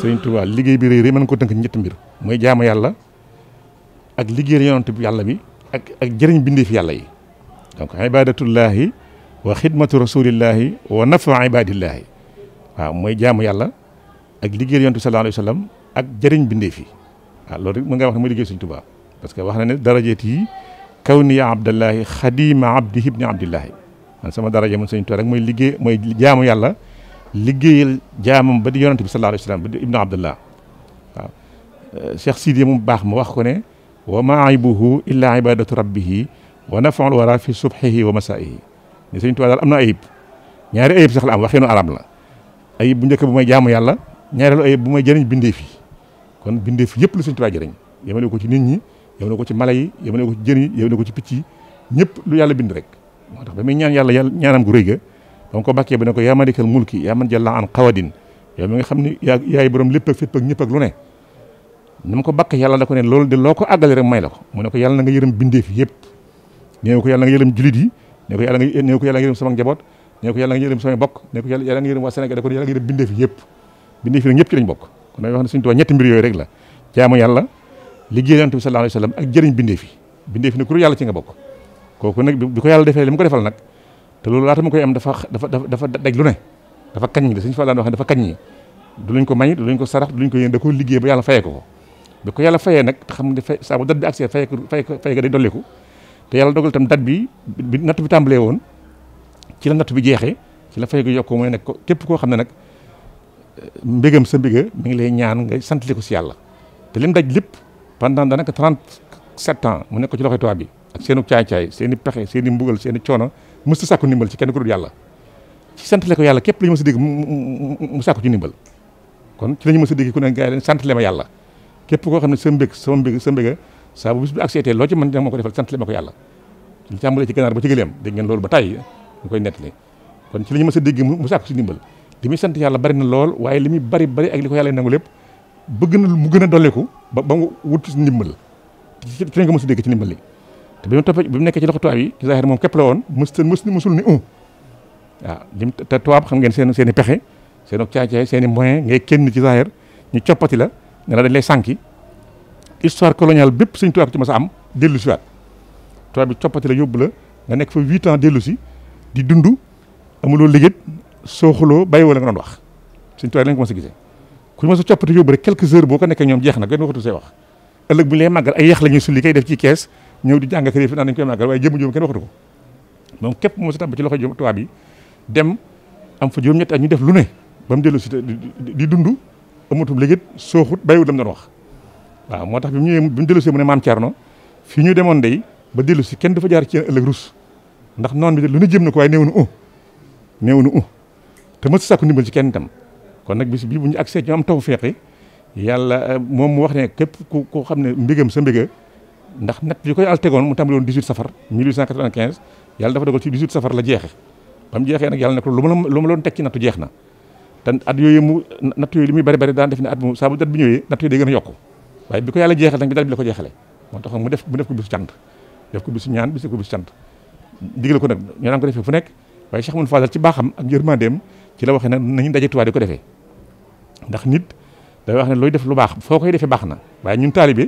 sëriñ Tuubaa liggéey bi rëy rëy mën ko tënk ñetti mbir mooy jaamu yàlla ak liggéeyal yonent bi yàlla bi ak ak jëriñ bindee fi yàlla yi donc ibadatullahi wa xidmatu rasulillahi wa nafu mooy jaamu yàlla ak liggéeyal yonent bi sallallahu alayhi wa ak jëriñ bindee fi waaw loolu rek mën nga wax ne mooy liggéey sëriñ Tuubaa parce que wax na ne darajeet yi kaw ni ya abdallahi xadima abdihi ibni abdillahi man sama daraje man sëriñ Tuubaa rek mooy liggéey mooy jaamu yàlla liggéeyal jaamam ba di yonante bi sallallahu alayhi ba di ibnu abdullah waaw eh, cheikh Sidi baax ma wax ko ne wa ma aybuhu illa ibadatu rabbihi wa nafaul wara fi subhihi wa masaihi ne sëñ Tuubaa daal am na ayib ñaari ayib sax la am waxeenu arab la ayib bu njëkk bu may jaamu yàlla ñaareelu ayib bu may jëriñ bindee fi kon bindee fi yëpp lu sëñ Tuubaa jëriñ yemale ko ci nit ñi yemale ko ci mala yi yemale ko ci jën yi ko ci picc yi ñëpp lu yàlla bind rek moo tax ba muy ñaan yàlla yàlla ñaanam gu ba ko bàkkee ba ne ko malikal mulki ya man jalla an xawadin yow mi nga xamni yaay borom lepp ak fepp ak ñepp ak lu ne ni ko bàkkee yalla da ko ne lol di loko agal rek may lako mu ne ko yàlla na nga yërëm bindeef yëpp nee ko yalla nga yërëm julit yi nee ko yalla nga nee ko yalla nga yërëm sama njaboot nee ko yalla nga yërëm sama bok nee ko yalla nga yërëm wa senegal da ko yalla yàlla nga yërëm bindeef yëpp bindeef yi ñëpp ci lañ bok kon may wax ne suñu tuwaa ñetti mbir yoy rek la jaamu yalla liggéey yonent sallallahu alayhi wasallam ak jëriñ bindeef yi bindeef yi ne ku yalla ci nga bok koku nak biko yalla defé lim ko defal nak te loolu laata mu koy am dafa dafa dafa daj lu ne dafa kañ ñi da suñu fa daan wax ne dafa kañ ñi du luñ ko may du luñ ko sarax du luñ ko yéen da ko liggéey ba yàlla fayee ko ko bi ko yàlla fayee nag xam ne saa bu dat bi accès fay ko fay ko day dolliku te yàlla dogal itam dat bi bi natt bi tàmbalee woon ci la natt bi jeexee ci la fay ko yokkoo mooy nag ko képp koo xam ne nag mbégam sa mbéga mi ngi lay ñaan ngay santli ko si yàlla te lim daj lépp pendant daanaka 37 ans mu nekk ko ci loxoy tubaab bi ak seenu caay-caay seen i pexe seen i mbugal seen i coono mës ta sàkku ndimbal ci kenn ku dul yàlla ci santale ko yàlla képp la ñu mës dégg mu sàkku ci ndimbal kon ci la ñu mës a dégg ku ne gars yi santale ma yàlla képp ko xam ne sa mbég sama mbég sa mbéga saa bis bi accepté loo ci mën da ma ko defal santale ma ko yàlla ñu tàmbalee ci ganaar ba ci gëleem dégg ngeen loolu ba tay ñu koy nettali kon ci la ñu mës a dégg mu sàkku ci ndimbal li muy sant yàlla bari na lool waaye li muy bari bari ak li ko yàlla nangu lépp bëgg na mu gën a dolleeku ba ba mu wut ci ndimbal ci lañ ko mës ci ndimbal te bi mu toppee bi mu nekkee ci loxo tubaab yi ci moom képp la woon mës mës mësul ni un waaw ah, lim te tubaab xam ngeen seen seen i pexe seen ak caay seen i moyen ngay kenn ci zahir ñu coppati la ne la dañ lay sànki histoire coloniale bépp suñ tubaab ci mas a am dellu si waat tubaab bi coppati la yóbbu la nga nekk fa huit ans dellu si di dund amuloo liggéey sooxuloo bàyyi wala nga doon wax suñ tubaab lañ ko mas a gisee ku ñu mas coppati yóbbu rek quelques heures boo ko nekkee ñoom jeex na gën waxatu say wax ëllëg bu ñu lay màggal ay yeex la ñuy sulli kay def ci kees ñëw di jàng kër yi fi naan dañu koy màggal waaye jëmm joom kenn waxatu ko donc képp moo sa tàmb ci loxo joom tubaab bi dem am fa juróom-ñett ak ñu def lu ne ba mu dellu si di dund amatum léegi sooxut bàyyiwut la mu doon wax waaw moo tax bi mu ñëwee bi mu si mu ne maam Thierno fii ñu demoon day ba dellu si kenn dafa jaar ci ëllëg rus ndax noon bi de lu ne jëm na ko waaye néew na u néew na u te mës sàkku ndimbal ci kenn tam kon nag bis bii bu ñu accès ñu am taw feeqi yàlla euh, moom mu wax ne képp ku koo xam ne mbégam sa mbéga ndax natt bi koy altegoon mu tàmbali woon 18 safar 1895 yàlla dafa dogal ci 18 safar la jeexe ba mu jeexee nag yàlla ne ko lu ma la lu loon teg ci nattu jeex na te at yooyu mu natt yooyu li muy bari bari daan def ne at mu saa dat bi ñëwee natt yooyu day gën a yokku waaye bi ko yàlla jeexal nag bi dat bi la ko jeexale moo tax mu def mu def ko bisu cant def ko bisu ñaan bisu ko bisu cant digal ko nag ñoo daan ko defee fu nekk waaye Cheikh Mouhamadou Fadal ci baaxam ak yërmandeem ci la waxee nag ko defee ndax nit day wax ne looy def lu baax foo koy defee baax na waaye ñun taalibe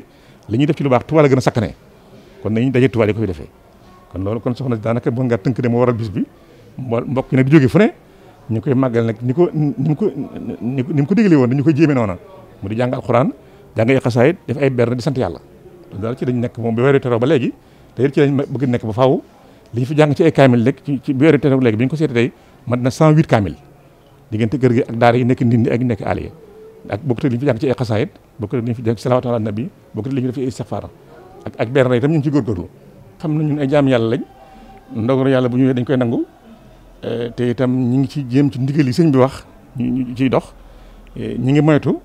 li ñuy def ci lu baax Tuubaa a gën a sakkanee kon nañu daje Tuubaa yi ko fi defee kon loolu kon soxna si daanaka mën ngaa tënk ne moo waral bis bi mbokk yi nag di jóge fu ne ñu koy màggal nag ni ko ni mu ko ni mu ko déglee woon dañu koy jéeme noona mu di jàng alxuraan jàng ay xasaayit def ay berne sant yàlla daal ci dañ nekk moom bi weeru teroo ba léegi te it nekk ba faaw li ñu fi jàng ci ay kaamil rek ci bi weeru teroo ba bi ñu ko seete tey mat na 108 kaamil diggante kër gi ak daara yi nekk ndindi ak nekk àll ak bokk te li ñu fi jàng ci ay xasaayit bokk ñu fi jàng salawaatu ala nabi bokk ñu def ay istixfaar ak ak benn itam ñu ngi yàlla lañ yàlla bu ñëwee dañ koy nangu eh, te itam ñu ngi ci jéem ci ndigal yi sëñ bi wax ñu ciy dox eh, ñu ngi moytu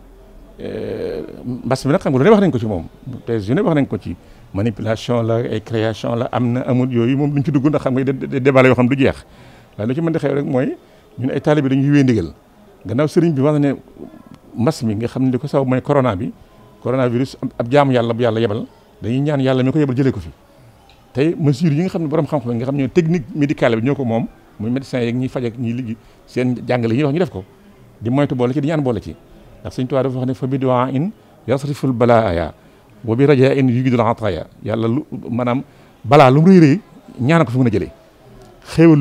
eh, mbas mi nag xam nga lu ne wax nañ ko ci moom te yu ne wax nañ ko ci manipulation la ay création la am na amul yooyu moom duñ ci dugg ndax xam nga débat la yoo xam du jeex waaye lu ci mën di xew rek mooy ñun ay taalibe dañuy wéy ndigal gannaaw sëriñ bi wax na mas mi nga xam ne li ko sabab mooy corona bi coronavirus ab jaamu yàlla bu yàlla yebal dañuy ñaan yàlla mi ko yebal jëlee ko fi tey mesures yi nga xam ne borom xam-xam nga xam ne technique médicale bi ñoo ko moom muy médecin yeeg ñiy faj ak seen jàngale yi ñuy wax ñu def ko di moytu boole ci di ñaan boole ci ndax suñ tubaab dafa wax ne fa bi du'a in yasriful balaaya in yugidul balaa lu ko fi mën a jëlee xéewal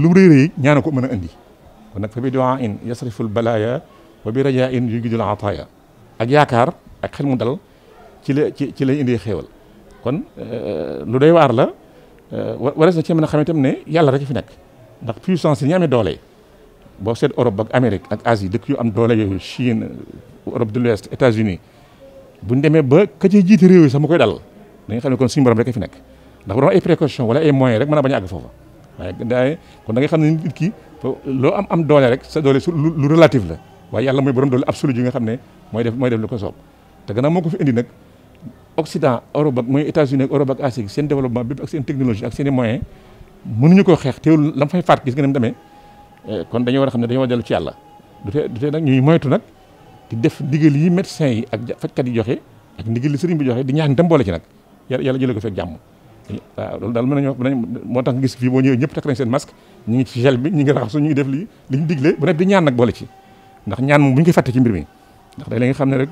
lu a wa bi rajaa in yu gidul ataaya ak yaakaar ak xel mu dal ci la ci ci lay indee xéewal kon euh, lu doy waar la euh, warees na ci mën a xam itam ne yàlla rek fi nekk ndax puissance yi ñu amee doolee boo seet Europe ak Amérique ak Asie dëkk yu am doole yooyu Chine Europe de l'Ouest États-Unis bu ñu demee ba ka ci jiite réew yi sax mu koy dal da nga xam ne kon suñu rek fi nekk ndax bu doon ay précaution wala ay moyens rek mën a bañ a foofa waaye kon da xam ne nit ki loo am am doole rek sa doole su lu relative la. waye yalla moy borom dool absolu ji nga xamne moy def moy def luko ko te gëna moko fi indi nak Occident Europe ak mooy États-Unis ak Europe ak Asie sen développement bi ak sen technologie ak sen moyen mënu ñu ko xex te lam fay faat gis nga ni mu eh, kon dañu wara xamne dañu ne ci yalla du tee du tee nag ñuy moytu nak di def digël yi médecin yi ak fajj kat yi joxe ak digël yi sëriñ bi joxe di ñaan dem bolé ci nak yalla jël ko fek jamm waaw dal daal mën nañoo mën tax gis fi bo ñëw ñëpp tak nañ sen masque ñi ngi ci gel bi ñi ngi raxasu ñu ngi def li liñ diglé bu nekk di ñaan nak bolé ci ndax ñaan moom bu ñu koy fàtte ci mbir mi ndax day la nga xamne rek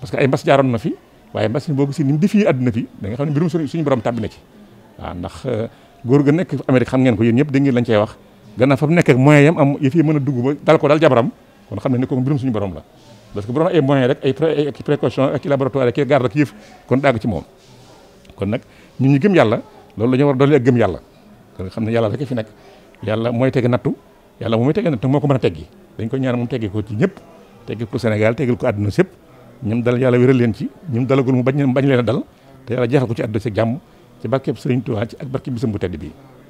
parce que ay mbass jaaroon na fi waye mbass mi boo gisee ni mu defee àdduna fi da nga xamne mbirum suñu borom tàbbi na ci wa ndax euh, goor ga nek amerique xam ngeen ko yeen ñep de ngeen lañ cey wax gëna fa nek ak moyen yam am yefi yi dugg ba dal ko dal jabaram kon xamne ne ko mbirum suñu borom la parce que borom ay moyen rek ay précaution ak laboratoire ak garde ak yëf kon dag ci mom kon nak ñu ñu gëm yalla loolu la ñu war a ak gëm yalla kon xamne yalla rek fi nek yalla moy tege nattu yàlla mooy tege nattu moko mëna teggi dañ ko ñaan mu teggee ko ci ñëpp teggee ko Sénégal teggeel ko àdduna sépp ñoom dal yàlla wéral leen ci ñoom dalagul mu bañ bañ leen a dal te yàlla jeexal ko ci àdduna si jàmm ci barkeb Sëriñ Tuubaa ak barkeb bisam bu tedd bi